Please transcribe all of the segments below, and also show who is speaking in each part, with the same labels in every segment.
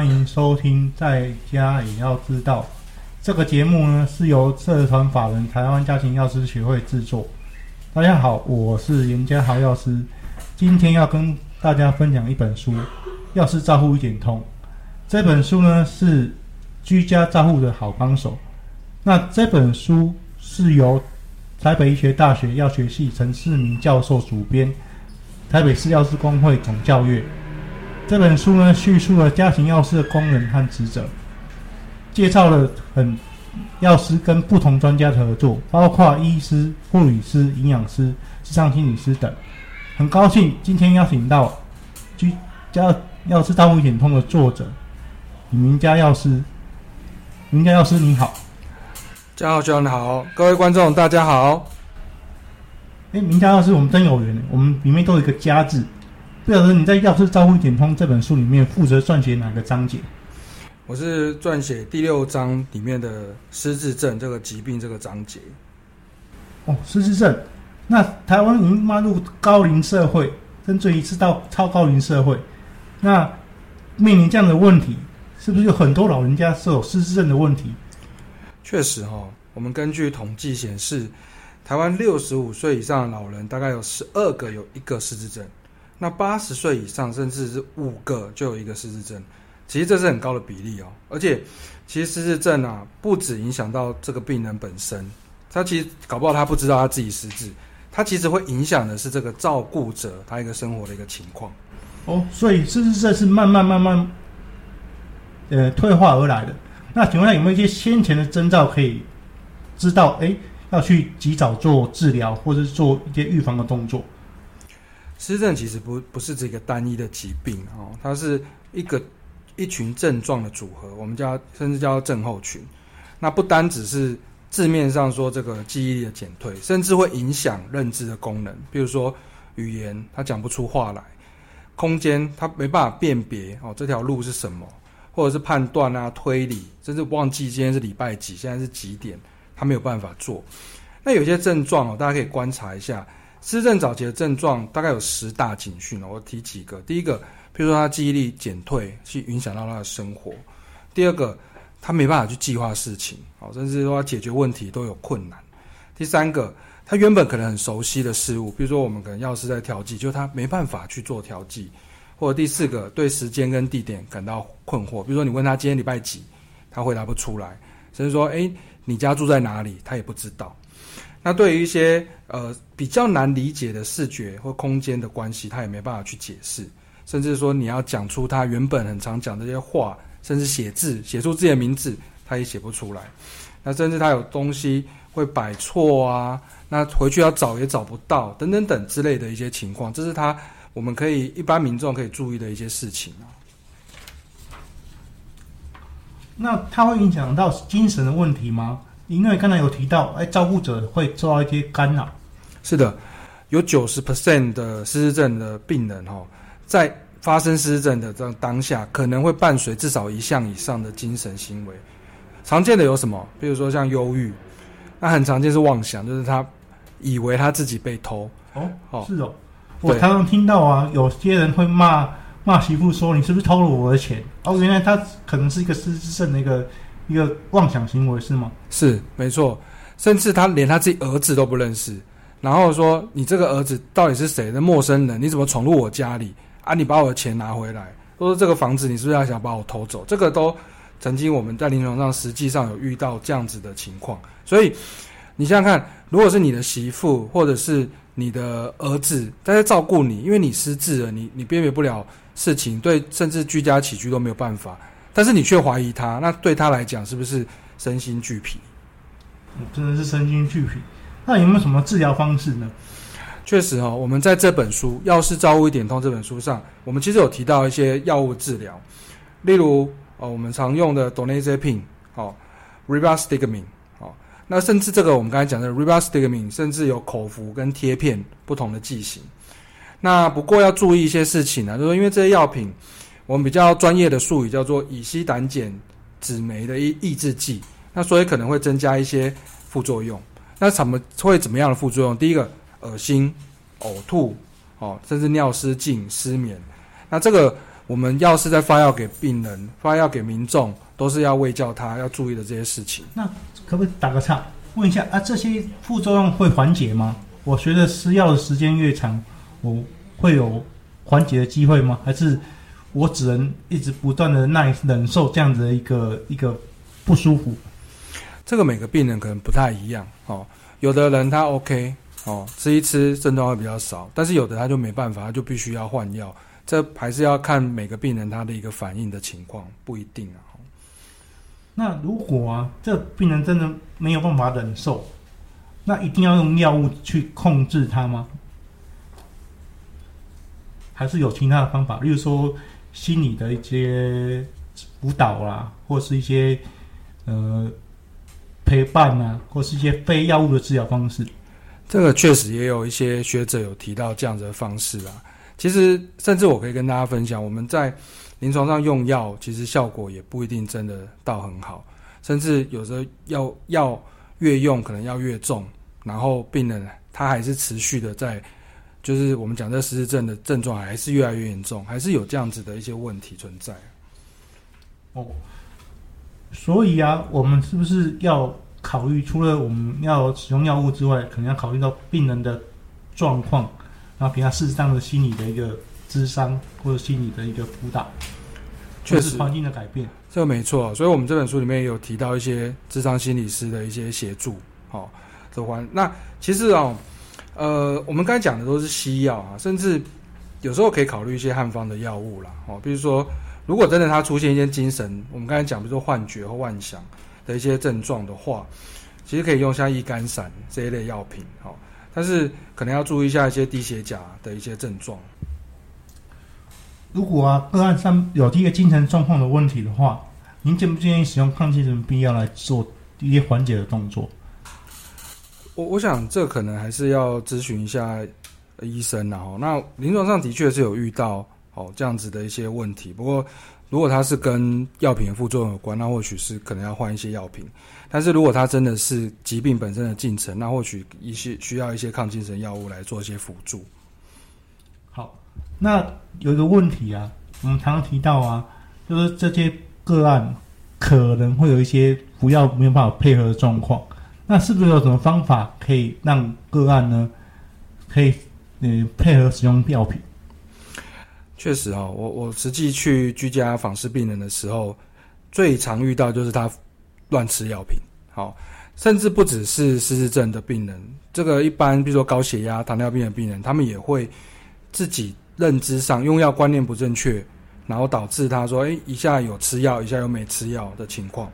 Speaker 1: 歡迎收聽《在家也要知道》這個節目呢，是由社團法人台灣家庭藥師學會制作。大家好，我是嚴家豪藥師，今天要跟大家分享一本書，《藥事照護一點通》。這本書呢，是居家照護的好幫手。那這本書是由台北醫學大學藥學系陳世明教授主編，台北市藥師工會總教育。這本書呢，敘述了家庭藥師的功能和職責，介紹了很藥師跟不同專家的合作，包括醫師、護理師、營養師、時尚心理師等。很高興今天邀請到居家藥事照護一點通的作者李銘嘉藥師。銘嘉藥師您好，
Speaker 2: 家長先你好，各位觀眾大家好。
Speaker 1: 哎，銘嘉藥師，我們真有緣，我們裡面都有一個家字。李老師，你在《藥事照護一點通》這本書裡面負責撰寫哪個章節？
Speaker 2: 我是撰寫第六章裡面的失智症這個疾病這個章節。
Speaker 1: 哦，失智症，那台灣已經邁入高齡社會，甚至於是到超高齡社會，那面臨這樣的問題，是不是有很多老人家是有失智症的問題？
Speaker 2: 確實哈、哦，我們根據統計顯示，台灣六十五歲以上的老人，大概有十二個有一個失智症。那八十歲以上，甚至是五個就有一個失智症。其實這是很高的比例哦、喔。而且，其實失智症啊，不止，影響到這個病人本身，他其實搞不好他不知道他自己失智，他其實會影響的是這個照顧者他一個生活的一個情況。哦，所以失智症是慢慢慢慢，
Speaker 1: 呃，退化而來的。那請問下有沒有一些先前的徵兆可以知道，哎，要去及早做治療，或者是做一些預防的動作？
Speaker 2: 失智症其實不不是這個單一的疾病哦，它是一個一群症狀的組合，我們叫甚至叫做症候群。那不單只是字面上說這個記憶力的減退，甚至會影響認知的功能，比如說語言，他講不出話來；空間，他沒辦法辨別哦這條路是什麼，或者是判斷啊推理，甚至忘記今天是禮拜幾，現在是幾點，他沒有辦法做。那有些症狀哦，大家可以觀察一下。失智早期的症狀大概有十大警訊，我提幾個。第一個，比如說他記憶力減退，去影響到他的生活；第二個，他沒辦法去計劃事情，甚至說他解決問題都有困難；第三個，他原本可能很熟悉的事物，比如說我們可能藥師在調劑，就他沒辦法去做調劑；或者第四個，對時間跟地點感到困惑，比如說你問他今天禮拜幾，他回答不出來，甚至說，誒、欸、你家住在哪裡，他也不知道。那對於一些呃比較難理解的視覺或空間的關係，他也沒辦法去解釋，甚至說你要講出他原本很常講的這些話，甚至寫字寫出自己的名字，他也寫不出來。那甚至他有東西會擺錯啊，那回去要找也找不到，等等等之類的一些情況，這是他我們可以一般民眾可以注意的一些事情啊。那他會影
Speaker 1: 響到精神的問題嗎？因為剛才有提
Speaker 2: 到，哎，照顧者會受到一些干擾。是的，有九十 percent 的失智症的病人，哈、哦，在發生失智症的這當下，可能會伴隨至少一項以上的精神行為。常見的有什麼？比如說像憂鬱，那很常見是妄想，就是他以為他自己被偷。哦，哦，是哦，我常
Speaker 1: 常聽到啊，有些人會罵罵媳婦說：“你是不是偷了我的錢？”哦，原來他可能是一個失智症的一個。一個妄想行為是嗎？
Speaker 2: 是沒錯，甚至他連他自己兒子都不認識，然後說：“你這個兒子到底是誰的陌生人？你怎麼闖入我家裡啊？你把我的錢拿回來，或者這個房子，你是不是還想把我偷走？”這個都曾經我們在臨床上實際上有遇到這樣子的情況，所以你想想看，如果是你的媳婦或者是你的兒子，大家在照顧你，因為你失智了，你你辨別不了事情，對，甚至居家起居都沒有辦法。但是你卻懷疑他，那對他來講是不是身心俱疲？真
Speaker 1: 的是身心俱疲。那有沒有
Speaker 2: 什麼治療方式呢？確實哦，我們在這本書《藥師招物一點通》這本書上，我們其實有提到一些藥物治療，例如哦，我們常用的多奈哌嗪哦 rivastigmine 哦，那甚至這個我們剛才講的 rivastigmine 甚至有口服跟貼片不同的劑型。那不過要注意一些事情呢，就是說因為這些藥品，我們比較專業的術語叫做乙醯膽鹼酯酶的一抑制劑，那所以可能會增加一些副作用。那什麼會怎麼樣的副作用？第一個，噁心、嘔吐，哦，甚至尿失禁、失眠。那這個我們要是在發藥給病人、發藥給民眾，都是要衛教他要注意的這些事情。
Speaker 1: 那可不可以打個岔問一下啊？這些副作用會緩解嗎？我覺得吃藥的時間越長，我、哦、會有緩解的機會嗎？還是？我只能一直不斷的耐忍受這樣子的一個一個不舒服。
Speaker 2: 這個每個病人可能不太一樣哦，有的人他 OK 哦，吃一吃症狀會比較少，但是有的他就沒辦法，他就必須要換藥，這還是要看每個病人他的一個反應的情況，不一定啊。
Speaker 1: 那如果啊，這病人真的沒有辦法忍受，那一定要用藥物去控制他嗎？還是有其他的方法，例如說？心理的一些輔導啦、啊，或是一些呃陪伴啊，或是一些非藥物的治療方式。這個確實
Speaker 2: 也有一些學者有提到這樣子的方式啊。其實，甚至我可以跟大家分享，我們在臨床上用藥，其實效果也不一定真的到很好，甚至有時候藥藥越用可能要越重，然後病人他還是持續的在。就是我們講這失智症的症狀還是越來越嚴重，還是有這樣子的一些問題存在、啊。哦，
Speaker 1: 所以啊，我們是不是要考慮，除了我們要使用藥物之外，可能要考慮到病人的狀況，然後給他事實上的心理的一個諮商或者心理的一個輔導。確實，環境的改
Speaker 2: 變，這個沒錯、啊。所以我們這本書裡面有提到一些諮商心理師的一些協助，好，走環。那其實哦。呃，我們剛才講的都是西藥啊，甚至有時候可以考慮一些漢方的藥物啦。哦，比如說，如果真的他出現一些精神，我們剛才講，比如說幻覺或妄想的一些症狀的話，其實可以用像抑肝散這一類藥品。哦，但是可能要注意一下一些低血鉀的一些症狀。
Speaker 1: 如果啊，個案上有這個精神狀況的問題的話，您建不建議使用抗精神病藥來做一些緩解的動作？
Speaker 2: 我我想這可能還是要諮詢一下醫生啊，然後那臨床上的確是有遇到哦這樣子的一些問題。不過如果他是跟藥品的副作用有關，那或許是可能要換一些藥品。但是如果他真的是疾病本身的進程，那或許一些需要一些抗精神藥物來做一些輔助。
Speaker 1: 好，那有一個問題啊，我們常常提到啊，就是這些個案可能會有一些不要，沒有辦法配合的狀況。那是不是有什麼方法可以讓個案呢，可以配合使用
Speaker 2: 藥品？確實啊，我我實際去居家訪視病人的時候，最常遇到就是他亂吃藥品。好，甚至不只是失智症的病人，這個一般，比如說高血壓、糖尿病的病人，他們也會自己認知上用藥觀念不正確，然後導致他說：“哎、欸，一下有吃藥，一下又沒吃藥”的情況。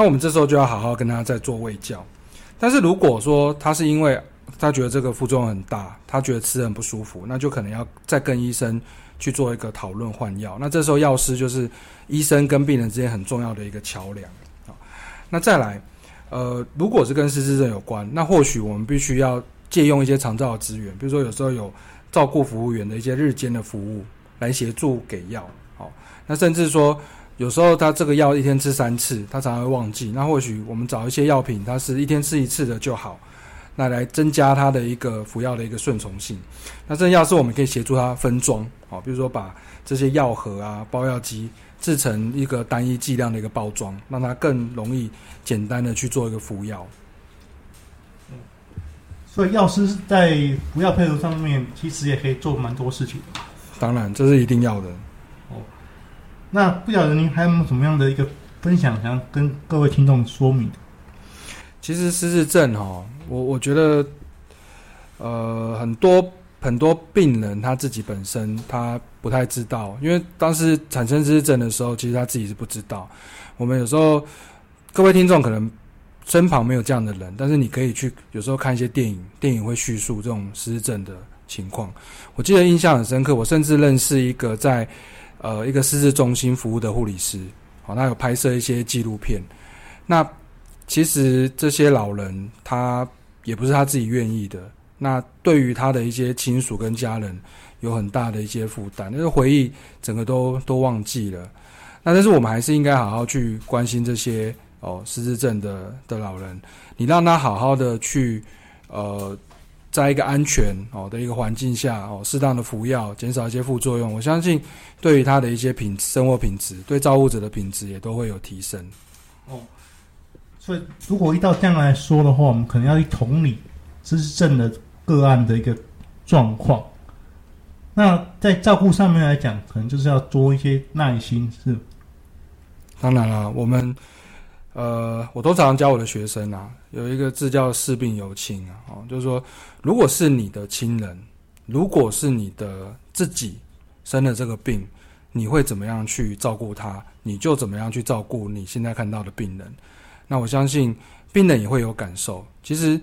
Speaker 2: 那我們這時候就要好好跟他再做衛教，但是如果說他是因為他覺得這個副作用很大，他覺得吃很不舒服，那就可能要再跟醫生去做一個討論換藥。那這時候藥師就是醫生跟病人之間很重要的一個橋樑啊。那再來，呃，如果是跟失智症有關，那或許我們必須要借用一些長照的資源，比如說有時候有照顧服務員的一些日間的服務來協助給藥。好，那甚至說。有時候他這個藥一天吃三次，他常常會忘記。那或許我們找一些藥品，它是一天吃一次的就好，那來增加他的一個服藥的一個順從性。那這藥是我們可以協助他分裝，好，比如說把這些藥盒啊、包藥機制成一個單一劑量的一個包裝，讓他更容易簡單的去做一個服藥。嗯，所
Speaker 1: 以藥師在服藥配合上面，其實也可以做蠻多事情。
Speaker 2: 當然，這是一定要的。
Speaker 1: 那不曉得您還有沒有什麼樣的一個分享，想要跟各位聽眾說明？
Speaker 2: 其實失智症哦，我我覺得，呃，很多很多病人他自己本身他不太知道，因為當時產生失智症的時候，其實他自己是不知道。我們有時候各位聽眾可能身旁沒有這樣的人，但是你可以去有時候看一些電影，電影會敘述這種失智症的情況。我記得印象很深刻，我甚至認識一個在。呃，一個失智中心服務的護理師，哦，他有拍攝一些紀錄片。那其實這些老人他也不是他自己願意的，那對於他的一些親屬跟家人有很大的一些負擔。那個回憶整個都都忘記了。那但是我們還是應該好好去關心這些哦失智症的的老人，你讓他好好的去呃。在一個安全好的一個環境下哦，適當的服藥，減少一些副作用。我相信，對於他的一些品質生活品質，對照顧者的品質也都會有提升。哦，
Speaker 1: 所以如果遇到這樣來說的話，我們可能要去同理失智症的個案的一個狀況。那在照顧上面來講，可能就是要多一些耐心是
Speaker 2: 吧。當然了，我們。呃，我都常教我的學生啊，有一個字叫“視病猶親”啊，哦，就是說，如果是你的親人，如果是你的自己生了這個病，你會怎麼樣去照顧他？你就怎麼樣去照顧你現在看到的病人。那我相信病人也會有感受。其實，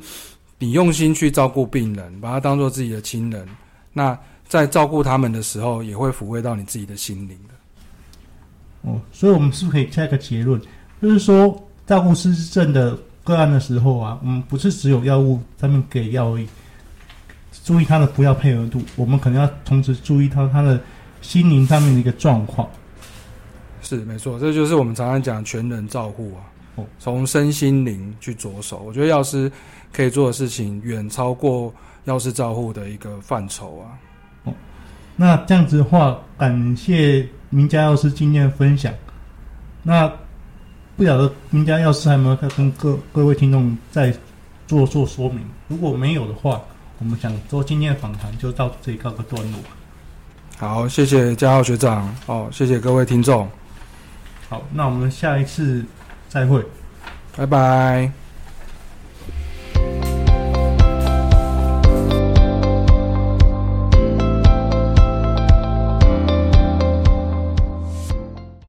Speaker 2: 你用心去照顧病人，把他當做自己的親人，那在照顧他們的時候，也會撫慰到你自己的心靈的。
Speaker 1: 哦，所以我們是不是可以下一個結論，就是說？照顧失智症的個案的時候啊，我們不是只有藥物上面給藥而已，注意他的服藥配合度，我們可能要同時注意到他的心靈上面的一個狀況。
Speaker 2: 是沒錯，這就是我們常常講全人照護啊，哦，從身心靈去着手，我覺得藥師可以做的事情遠超過藥師照護的一個範疇啊。哦，
Speaker 1: 那這樣子的話，感謝銘嘉藥師今天的分享。那。不曉得銘嘉藥師還沒有跟各各位聽眾再做做說明，如果沒有的話，我們想做今天的訪談就到這裡告個段
Speaker 2: 落。好，謝謝嘉浩學長，哦，謝謝各位聽眾。
Speaker 1: 好，那我們下一次再會，拜拜。